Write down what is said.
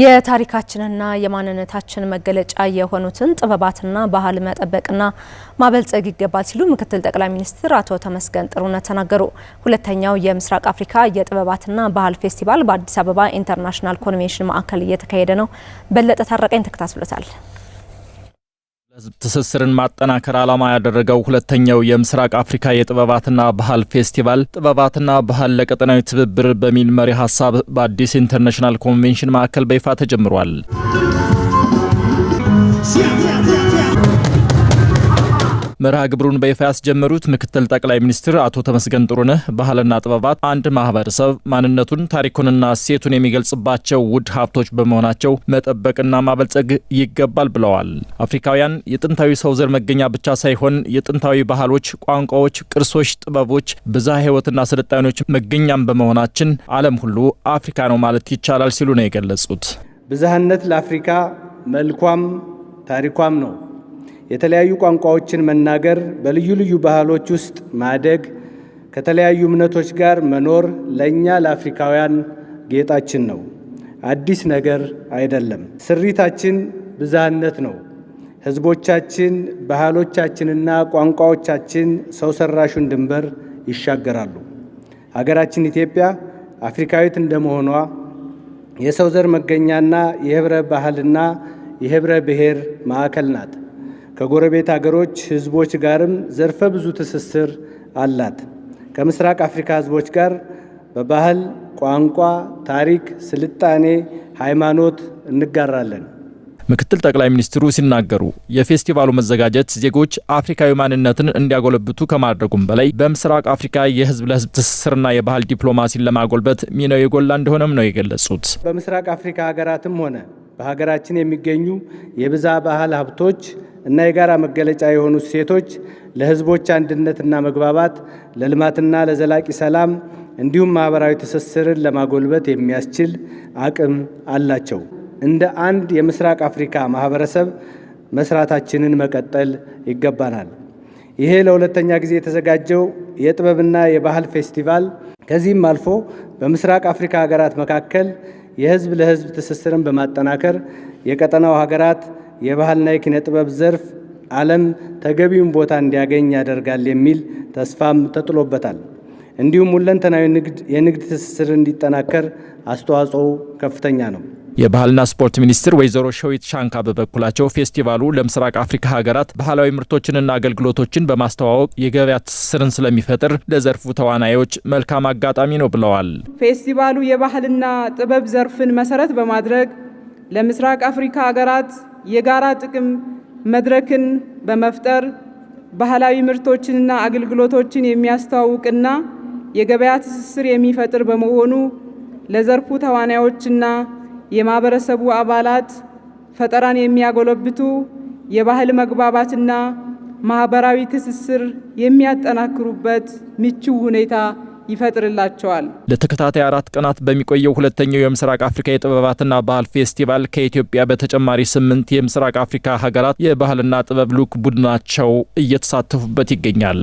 የታሪካችንና የማንነታችን መገለጫ የሆኑትን ጥበባትና ባህል መጠበቅና ማበልጸግ ይገባል ሲሉ ምክትል ጠቅላይ ሚኒስትር አቶ ተመስገን ጥሩነህ ተናገሩ። ሁለተኛው የምስራቅ አፍሪካ የጥበባትና ባህል ፌስቲቫል በአዲስ አበባ ኢንተርናሽናል ኮንቬንሽን ማዕከል እየተካሄደ ነው። በለጠ ታረቀኝ ተከታትሎታል። ህዝብ ትስስርን ማጠናከር ዓላማ ያደረገው ሁለተኛው የምስራቅ አፍሪካ የጥበባትና ባህል ፌስቲቫል ጥበባትና ባህል ለቀጠናዊ ትብብር በሚል መሪ ሀሳብ በአዲስ ኢንተርናሽናል ኮንቬንሽን ማዕከል በይፋ ተጀምሯል። መርሃ ግብሩን በይፋ ያስጀመሩት ምክትል ጠቅላይ ሚኒስትር አቶ ተመስገን ጥሩነህ ባህልና ጥበባት አንድ ማህበረሰብ ማንነቱን ታሪኩንና እሴቱን የሚገልጽባቸው ውድ ሀብቶች በመሆናቸው መጠበቅና ማበልጸግ ይገባል ብለዋል። አፍሪካውያን የጥንታዊ ሰው ዘር መገኛ ብቻ ሳይሆን የጥንታዊ ባህሎች፣ ቋንቋዎች፣ ቅርሶች፣ ጥበቦች፣ ብዝሃ ህይወትና ስልጣኔዎች መገኛም በመሆናችን ዓለም ሁሉ አፍሪካ ነው ማለት ይቻላል ሲሉ ነው የገለጹት። ብዝሃነት ለአፍሪካ መልኳም ታሪኳም ነው። የተለያዩ ቋንቋዎችን መናገር፣ በልዩ ልዩ ባህሎች ውስጥ ማደግ፣ ከተለያዩ እምነቶች ጋር መኖር ለእኛ ለአፍሪካውያን ጌጣችን ነው። አዲስ ነገር አይደለም። ስሪታችን ብዝሃነት ነው። ህዝቦቻችን፣ ባህሎቻችንና ቋንቋዎቻችን ሰው ሰራሹን ድንበር ይሻገራሉ። ሀገራችን ኢትዮጵያ አፍሪካዊት እንደመሆኗ የሰው ዘር መገኛና የህብረ ባህልና የህብረ ብሔር ማዕከል ናት። ከጎረቤት አገሮች ህዝቦች ጋርም ዘርፈ ብዙ ትስስር አላት። ከምስራቅ አፍሪካ ህዝቦች ጋር በባህል፣ ቋንቋ፣ ታሪክ፣ ስልጣኔ፣ ሃይማኖት እንጋራለን። ምክትል ጠቅላይ ሚኒስትሩ ሲናገሩ የፌስቲቫሉ መዘጋጀት ዜጎች አፍሪካዊ ማንነትን እንዲያጎለብቱ ከማድረጉም በላይ በምስራቅ አፍሪካ የህዝብ ለህዝብ ትስስርና የባህል ዲፕሎማሲን ለማጎልበት ሚናው የጎላ እንደሆነም ነው የገለጹት። በምስራቅ አፍሪካ ሀገራትም ሆነ በሀገራችን የሚገኙ የብዛ ባህል ሀብቶች እና የጋራ መገለጫ የሆኑ ሴቶች ለህዝቦች አንድነትና መግባባት፣ ለልማትና ለዘላቂ ሰላም እንዲሁም ማህበራዊ ትስስርን ለማጎልበት የሚያስችል አቅም አላቸው። እንደ አንድ የምስራቅ አፍሪካ ማህበረሰብ መስራታችንን መቀጠል ይገባናል። ይሄ ለሁለተኛ ጊዜ የተዘጋጀው የጥበብና የባህል ፌስቲቫል ከዚህም አልፎ በምስራቅ አፍሪካ ሀገራት መካከል የህዝብ ለህዝብ ትስስርን በማጠናከር የቀጠናው ሀገራት የባህልና የኪነ ጥበብ ዘርፍ ዓለም ተገቢውን ቦታ እንዲያገኝ ያደርጋል የሚል ተስፋም ተጥሎበታል። እንዲሁም ሁለንተናዊ የንግድ ትስስር እንዲጠናከር አስተዋጽኦ ከፍተኛ ነው። የባህልና ስፖርት ሚኒስትር ወይዘሮ ሸዊት ሻንካ በበኩላቸው ፌስቲቫሉ ለምስራቅ አፍሪካ ሀገራት ባህላዊ ምርቶችንና አገልግሎቶችን በማስተዋወቅ የገበያ ትስስርን ስለሚፈጥር ለዘርፉ ተዋናዮች መልካም አጋጣሚ ነው ብለዋል። ፌስቲቫሉ የባህልና ጥበብ ዘርፍን መሰረት በማድረግ ለምስራቅ አፍሪካ ሀገራት የጋራ ጥቅም መድረክን በመፍጠር ባህላዊ ምርቶችንና አገልግሎቶችን የሚያስተዋውቅና የገበያ ትስስር የሚፈጥር በመሆኑ ለዘርፉ ተዋናዮችና የማህበረሰቡ አባላት ፈጠራን የሚያጎለብቱ የባህል መግባባትና ማህበራዊ ትስስር የሚያጠናክሩበት ምቹ ሁኔታ ይፈጥርላቸዋል። ለተከታታይ አራት ቀናት በሚቆየው ሁለተኛው የምስራቅ አፍሪካ የጥበባትና ባህል ፌስቲቫል ከኢትዮጵያ በተጨማሪ ስምንት የምስራቅ አፍሪካ ሀገራት የባህልና ጥበብ ልዑክ ቡድናቸው እየተሳተፉበት ይገኛል።